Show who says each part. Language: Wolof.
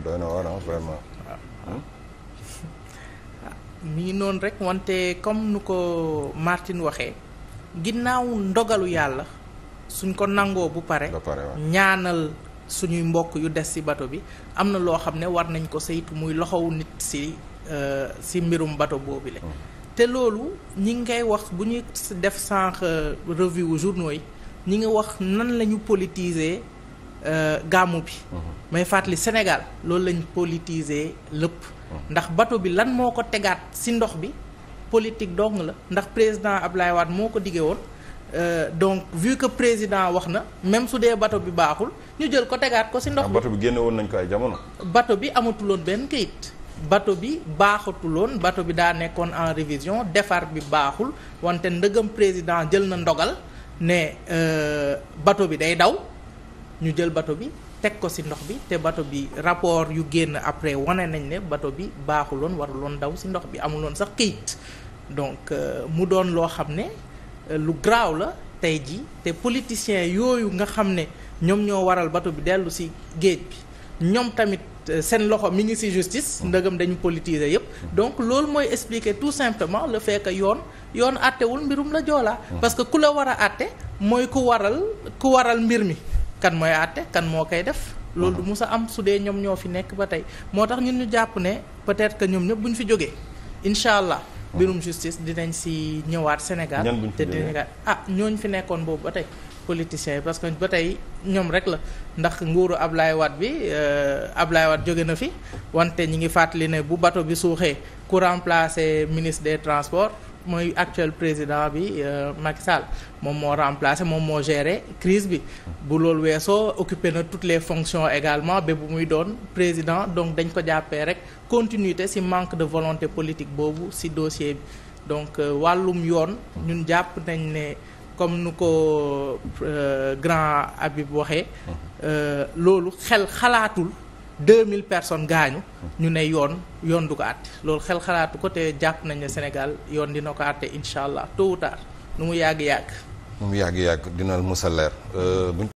Speaker 1: loolu doy na war ah vraiment. mi ngi noonu rek wante comme nu ko Martine waxee ginnaaw ndogalu yàlla suñ ko nangoo bu pare ñaanal suñuy mbokk yu des ci bato bi am na loo xam ne war nañ ko saytu muy loxowu nit ci euh, ci mbirum bato boobu le mm. te loolu ñi ngay wax bu ñuy def sànq euh, revue journaux yi ñi nga wax nan la ñu politiser Euh, gàmmu bi. may fàttali Sénégal loolu lañ politiser lépp. ndax bato bi lan moo ko tegaat si ndox bi politique dong la ndax président ab Ablaye waat moo ko diggee woon. Euh, donc vu que président wax na même su dee bato bi baaxul ñu jël ko tegaat ko si ndox bi. Ah, bato bi génne woon nañ ko ay bato bi amatuloon benn kayit. bato bi baaxatuloon bato bi daa nekkoon en révision defar bi baaxul wante ndëgëm président jël na ndogal ne euh, bato bi day daw. ñu jël bato bi teg ko ci ndox bi te bato bi rapport yu génn après wane nañ ne bato bi baaxuloon waruloon daw ci ndox bi amuloon sax këyit donc euh, mu doon loo xam ne euh, lu graaw la tey ji te politiciens yooyu nga xam ne ñoom ñoo waral bato bi dellu ci géej bi ñoom tamit euh, seen loxo mi ngi ci justice mm. ndëgam dañu politiser yépp mm. donc loolu mooy expliquer tout simplement la fait yoon yoon àttewul mbirum la joolaa mm. parce que ku la war a àtte mooy ku waral ku waral mbir mi kan mooy àtte kan moo koy def. loolu du mus a am su dee ñoom ñoo fi nekk ba tey moo tax ñun ñu jàpp ne peut-être que ñoom ñëpp bu ñu fi jógee incha allah. mbirum justice dinañ si ñëwaat Sénégal. te dinañ ah ñooñ fi nekkoon boobu ba tey. politiciens yi parce que ba tey ñoom rek la ndax nguuru Ablaye wat bi euh, Ablaye Wade jóge na fi wante ñi ngi fàttali ne bu bato bi suuxee ku remplacer ministre des transports. mooy actuel président bi euh, Macky Sall moom moo remplacé moom moo géré crise bi bu loolu weesoo occupé na toutes les fonctions également ba bu muy doon président donc dañ ko jàppee rek continuité ci manque de volonté politique boobu ci dossier bi donc euh, wàllum yoon ñun jàpp nañ ne comme nu ko euh, grand Habib waxee loolu xel xalaatul deux mille personnes gaañu ñu ne yoon yoon du ko àtte loolu xel xalaatu ko te jàpp nañ ne Sénégal yoon dina ko àtte incha allah tôt ou tard nu mu yàgg-yàgg nu mu yàgg-yàgg dina musal leer euh,